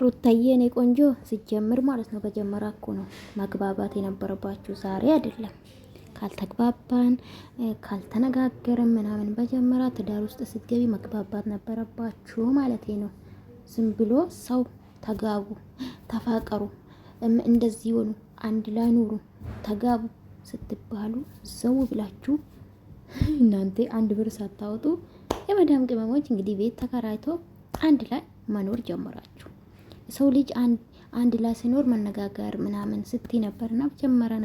ሩታዬ እኔ ቆንጆ ሲጀምር ማለት ነው በጀመራ እኮ ነው መግባባት የነበረባችሁ ዛሬ አይደለም። ካልተግባባን ካልተነጋገርን ምናምን በጀመራ ትዳር ውስጥ ስትገቢ መግባባት ነበረባችሁ ማለት ነው። ዝም ብሎ ሰው ተጋቡ፣ ተፋቀሩ፣ እንደዚህ ሆኑ፣ አንድ ላይ ኑሩ፣ ተጋቡ ስትባሉ ዘው ብላችሁ እናንተ አንድ ብር ሳታወጡ የመዳም ቅመሞች እንግዲህ ቤት ተከራይቶ አንድ ላይ መኖር ጀመራችሁ። ሰው ልጅ አንድ ላይ ሲኖር መነጋገር ምናምን ስቲ ነበር እና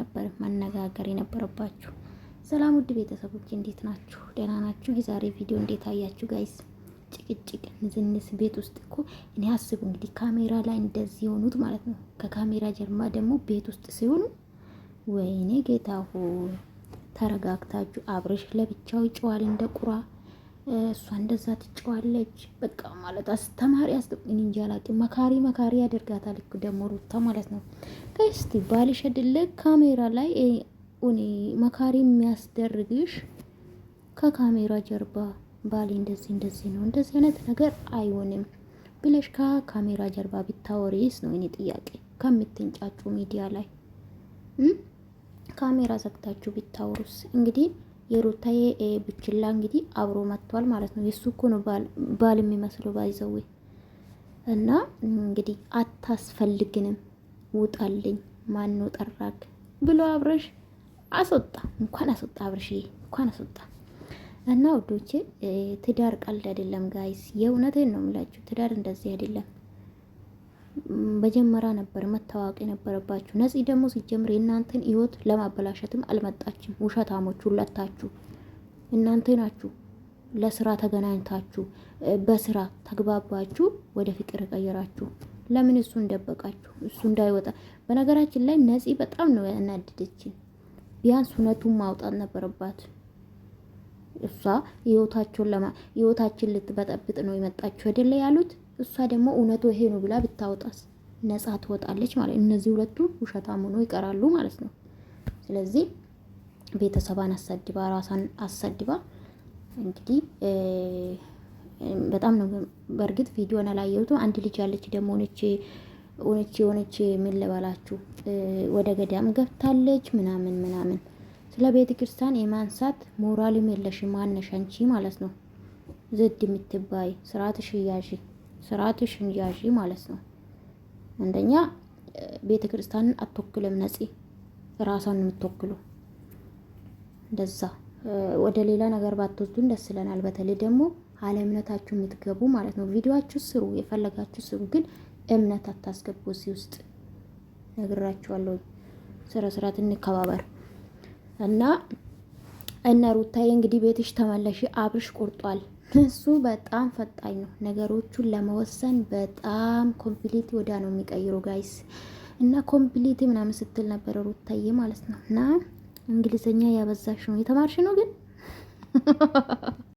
ነበር መነጋገር የነበረባችሁ። ሰላም ውድ ቤተሰቦች እንዴት ናችሁ? ደህና ናችሁ? የዛሬ ቪዲዮ እንዴት አያችሁ ጋይስ? ጭቅጭቅ ንዝንስ ቤት ውስጥ እኮ እኔ አስቡ እንግዲህ ካሜራ ላይ እንደዚህ የሆኑት ማለት ነው። ከካሜራ ጀርባ ደግሞ ቤት ውስጥ ሲሆኑ ወይኔ ጌታ ሆ ተረጋግታችሁ አብረሽ ለብቻው ይጨዋል እንደ ቁራ እሷ እንደዛ ትጫዋለች። በቃ ማለት አስተማሪ አስጠቁኝ እንጂ አላውቅም። መካሪ መካሪ ያደርጋታል እኮ ደግሞ ሩታ ማለት ነው። ከስቲ ባልሽ አይደለ ካሜራ ላይ እኔ መካሪ የሚያስደርግሽ ከካሜራ ጀርባ ባሌ እንደዚህ እንደዚህ ነው እንደዚህ አይነት ነገር አይሆንም ብለሽ ከካሜራ ጀርባ ብታወሪስ ነው እኔ ጥያቄ። ከምትንጫጩ ሚዲያ ላይ ካሜራ ዘግታችሁ ብታወሩስ እንግዲህ የሩታዬ ብችላ እንግዲህ አብሮ መጥቷል ማለት ነው። የእሱ እኮ ነው ባል የሚመስለው ባይዘው እና እንግዲህ አታስፈልግንም፣ ውጣልኝ፣ ማነው ጠራክ ብሎ አብረሽ አስወጣ። እንኳን አስወጣ አብረሽ እንኳን አስወጣ። እና ውዶቼ ትዳር ቀልድ አይደለም ጋይስ፣ የእውነቴን ነው የምላችሁ። ትዳር እንደዚህ አይደለም። በጀመራ ነበር መታወቅ የነበረባችሁ። ነፂ ደግሞ ሲጀምር የእናንተን ህይወት ለማበላሸትም አልመጣችም። ውሸታሞች ሁለታችሁ እናንተ ናችሁ። ለስራ ተገናኝታችሁ በስራ ተግባባችሁ፣ ወደ ፍቅር ቀየራችሁ። ለምን እሱ እንደበቃችሁ እሱ እንዳይወጣ። በነገራችን ላይ ነፂ በጣም ነው ያናደደችን። ቢያንስ እውነቱን ማውጣት ነበረባት። እሷ ህይወታቸውን ለማ ህይወታችን ልትበጠብጥ ነው የመጣችሁ አይደለ ያሉት እሷ ደግሞ እውነቱ ይሄ ነው ብላ ብታወጣስ ነጻ ትወጣለች ማለት እነዚህ ሁለቱ ውሸታም ሆኖ ይቀራሉ ማለት ነው። ስለዚህ ቤተሰባን አሳድባ ራሳን አሳድባ እንግዲህ በጣም ነው። በእርግጥ ቪዲዮን አላየሁትም። አንድ ልጅ ያለች ደግሞ ሆነች ሆነች ሆነች ምን ልበላችሁ ወደ ገዳም ገብታለች ምናምን ምናምን ስለ ቤተ ክርስቲያን የማንሳት ሞራልም የለሽ ማነሻንቺ ማለት ነው። ዝድ የምትባይ ስርዓት ሽያዥ ስርዓትሽን ያዢ ማለት ነው። አንደኛ ቤተ ክርስቲያንን አትወክልም። ነፂ ራሷን የምትወክሉ እንደዛ ወደ ሌላ ነገር ባትወስዱን ደስ ይለናል። በተለይ ደግሞ አለ እምነታችሁ የምትገቡ ማለት ነው። ቪዲዮችሁ ስሩ፣ የፈለጋችሁ ስሩ፣ ግን እምነት አታስገቡ እዚህ ውስጥ ነግራችኋለሁ። ስራ ስርዓት እንከባበር እና እነ ሩታዬ እንግዲህ ቤትሽ ተመለሽ፣ አብርሽ ቆርጧል። እሱ በጣም ፈጣኝ ነው። ነገሮቹን ለመወሰን በጣም ኮምፕሊት ወዳ ነው የሚቀይሩ ጋይስ እና ኮምፕሊት ምናምን ስትል ነበረ ሩታዬ ማለት ነው። እና እንግሊዝኛ ያበዛሽ ነው የተማርሽ ነው ግን